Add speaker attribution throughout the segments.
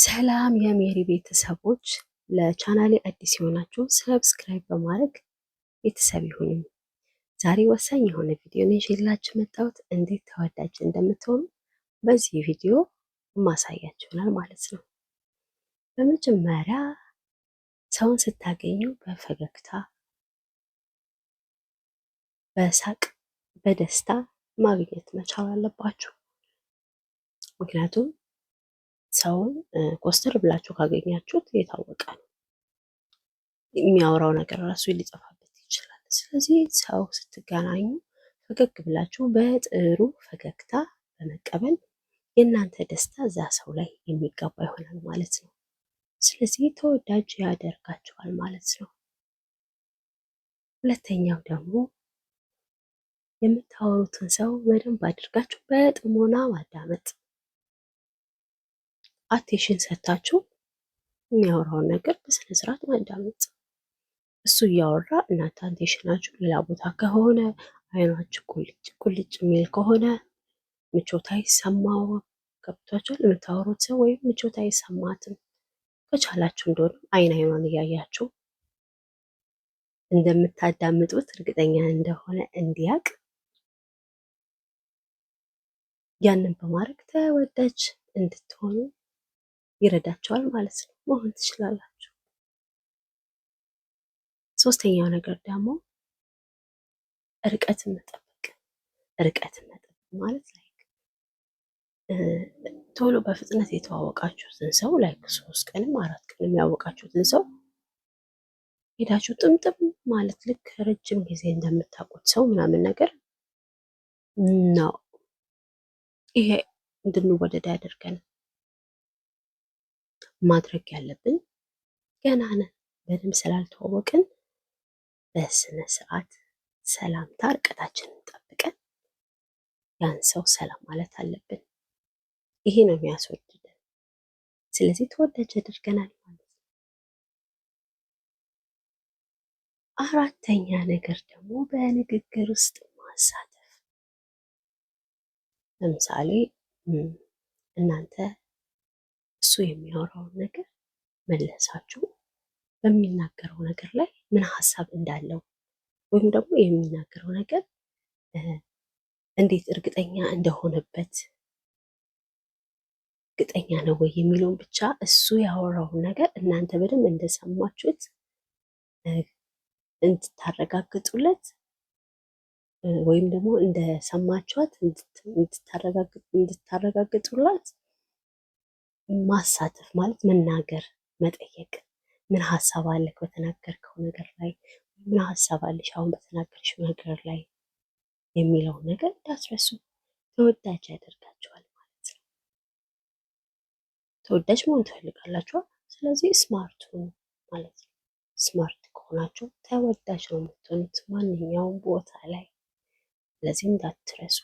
Speaker 1: ሰላም የሜሪ ቤተሰቦች፣ ለቻናሌ አዲስ የሆናችሁ ሰብስክራይብ በማድረግ ቤተሰብ ይሁኑ። ዛሬ ወሳኝ የሆነ ቪዲዮ ነው ይዤላችሁ መጣሁት። እንዴት ተወዳጅ እንደምትሆኑ በዚህ ቪዲዮ ማሳያችሁናል ማለት ነው። በመጀመሪያ ሰውን ስታገኙ በፈገግታ በሳቅ በደስታ ማግኘት መቻል አለባችሁ። ምክንያቱም ሰውን ኮስተር ብላችሁ ካገኛችሁት የታወቀ ነው። የሚያወራው ነገር ራሱ ሊጠፋበት ይችላል። ስለዚህ ሰው ስትገናኙ ፈገግ ብላችሁ በጥሩ ፈገግታ በመቀበል የእናንተ ደስታ እዛ ሰው ላይ የሚጋባ ይሆናል ማለት ነው። ስለዚህ ተወዳጅ ያደርጋችኋል ማለት ነው። ሁለተኛው ደግሞ የምታወሩትን ሰው በደንብ አድርጋችሁ በጥሞና ማዳመጥ አቴሽን ሰታችሁ የሚያወራውን ነገር በስነ ስርዓት ማዳመጥ። እሱ እያወራ እናንተ አቴሽናችሁ ሌላ ቦታ ከሆነ አይናችሁ ቁልጭ ቁልጭ የሚል ከሆነ ምቾት አይሰማው ገብቷችኋል? የምታወሩት ሰው ወይም ምቾት አይሰማትም። ከቻላችሁ እንደሆነ አይን አይኗን እያያችሁ እንደምታዳምጡት እርግጠኛ እንደሆነ እንዲያቅ ያንን በማድረግ ተወዳጅ እንድትሆኑ ይረዳቸዋል ማለት ነው። መሆን ትችላላችሁ። ሶስተኛው ነገር ደግሞ ርቀትን መጠበቅ። ርቀትን መጠበቅ ማለት ላይክ ቶሎ በፍጥነት የተዋወቃችሁትን ሰው ላይክ ሶስት ቀንም አራት ቀንም ያወቃችሁትን ሰው ሄዳችሁ ጥምጥም ማለት ልክ ረጅም ጊዜ እንደምታውቁት ሰው ምናምን ነገር ነው። ይሄ እንድንወደድ ያደርገናል። ማድረግ ያለብን ገና ነን በደንብ ስላልተዋወቅን በስነ ስርዓት ሰላምታ ርቀታችንን ጠብቀን ያን ሰው ሰላም ማለት አለብን። ይሄ ነው የሚያስወድደን። ስለዚህ ተወዳጅ አድርገናል ማለት ነው። አራተኛ ነገር ደግሞ በንግግር ውስጥ ማሳተፍ። ለምሳሌ እናንተ እሱ የሚያወራውን ነገር መለሳችሁ በሚናገረው ነገር ላይ ምን ሀሳብ እንዳለው ወይም ደግሞ የሚናገረው ነገር እንዴት እርግጠኛ እንደሆነበት እርግጠኛ ነው ወይ የሚለውን ብቻ እሱ ያወራውን ነገር እናንተ በደንብ እንደሰማችሁት እንድታረጋግጡለት ወይም ደግሞ እንደሰማችኋት እንድታረጋግጡላት ማሳተፍ ማለት መናገር፣ መጠየቅ። ምን ሀሳብ አለህ በተናገርከው ነገር ላይ? ምን ሀሳብ አለሽ አሁን በተናገርሽው ነገር ላይ የሚለው ነገር እንዳትረሱ። ተወዳጅ ያደርጋቸዋል ማለት ነው። ተወዳጅ መሆን ትፈልጋላችኋል። ስለዚህ ስማርት ሁኑ ማለት ነው። ስማርት ከሆናችሁ ተወዳጅ ነው የምትሆኑት ማንኛውም ቦታ ላይ። ስለዚህ እንዳትረሱ።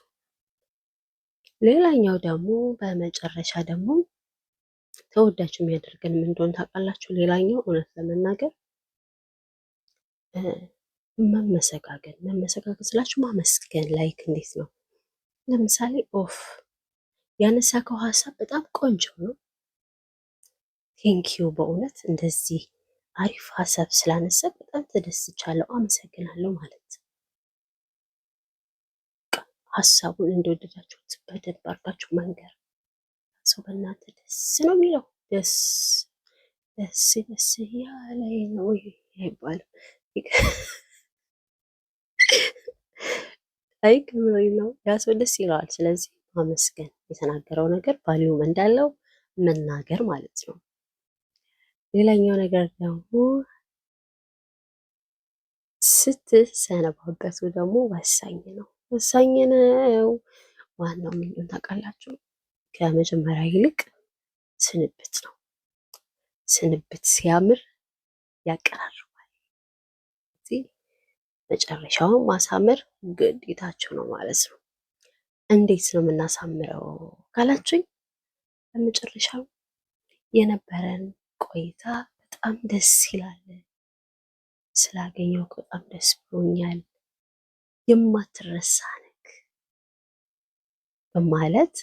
Speaker 1: ሌላኛው ደግሞ በመጨረሻ ደግሞ ተወዳጅ የሚያደርገን ምን እንደሆነ ታውቃላችሁ? ሌላኛው እውነት ለመናገር መመሰጋገን መመሰጋገን ስላችሁ ማመስገን ላይክ እንዴት ነው? ለምሳሌ ኦፍ ያነሳከው ሀሳብ በጣም ቆንጆ ነው፣ ቴንኪዩ በእውነት እንደዚህ አሪፍ ሀሳብ ስላነሳ በጣም ተደስቻለሁ፣ አመሰግናለሁ ማለት ሀሳቡን እንደወደዳችሁት በደንብ አድርጋችሁ መንገር ሰው በእናንተ ደስ ነው የሚለው። ደስ ደስ ደስ እያለ ነው አይባልም። አይ ከምሬ ነው፣ ያ ሰው ደስ ይለዋል። ስለዚህ ማመስገን የተናገረው ነገር ባሊውም እንዳለው መናገር ማለት ነው። ሌላኛው ነገር ደግሞ ስትሰነባበቱ ደግሞ ወሳኝ ነው። ወሳኝ ነው። ዋናው ምንድን ታውቃላችሁ? ከመጀመሪያ ይልቅ ስንብት ነው። ስንብት ሲያምር ያቀራርባል። እዚህ መጨረሻውን ማሳመር ግዴታችሁ ነው ማለት ነው። እንዴት ነው የምናሳምረው ካላችሁኝ፣ ለመጨረሻው የነበረን ቆይታ በጣም ደስ ይላል። ስላገኘው በጣም ደስ ብሎኛል። የማትረሳ ነክ በማለት